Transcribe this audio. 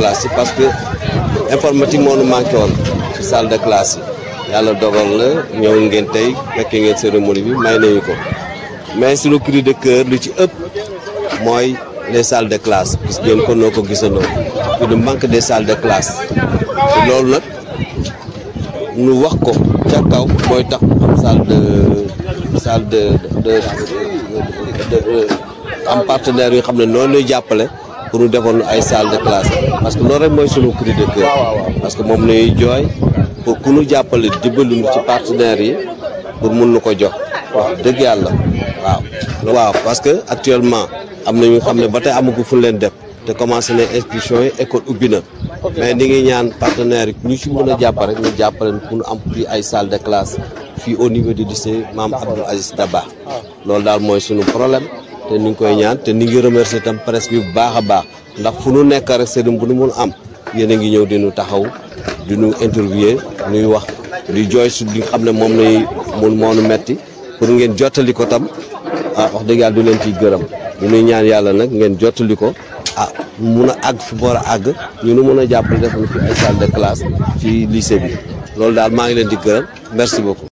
classe yi parce que informatique moo nu manqué ci salle de classe yi yàlla dogal la ñëw ngeen tey fekkee ngeen cérémonie bi may nañu ko mais sunu cri de cœur lu ci ëpp mooy les salles de classe gis ngeen ko noo ko gisandoo ci du manque des salle de classe loolu nag nu wax ko ca kaw mooy tax am salle de salle am partenaires yoo xam ne noonu lay jàppale pour ñu defoon ay salle de classe parce que loolu rek mooy sunu cri parce que moom lañuy jooy pour ku ñu jàppale dimbaluñu ci partenaires yi pour mun nu ko jox dëgg yàlla waaw waaw parce que actuellement am na ñu xam ne ba tey amagu fu leen def te commencé na inscription yi école ubbi na mais ni ngi ñaan partenaires yi ñu ci mën a jàpp rek ñu jàppaleen pour ñu am fii ay salle de classe fii au niveau du lycée Maam Abdou Aziz Dabakh ah. loolu daal mooy sunu problème te ni ngi koy ñaan te ni ngi remercier itam presse bi baax a baax ndax fu nu nekk rek sëriñ bu nu mun am yéen a ngi ñëw di nu taxaw di nu interviewer nuy wax di jooy su li xam ne moom lay mun moonu metti pour ngeen jottali ko tam ah wax dëgg yàlla du leen ciy gërëm ñu nuy ñaan yàlla nag ngeen jottali ko ah mun a àgg fi boor a àgg ñu nu mun a jàppale def fi ay de classe ci lycée bi loolu daal maa ngi leen di gërëm merci beaucoup.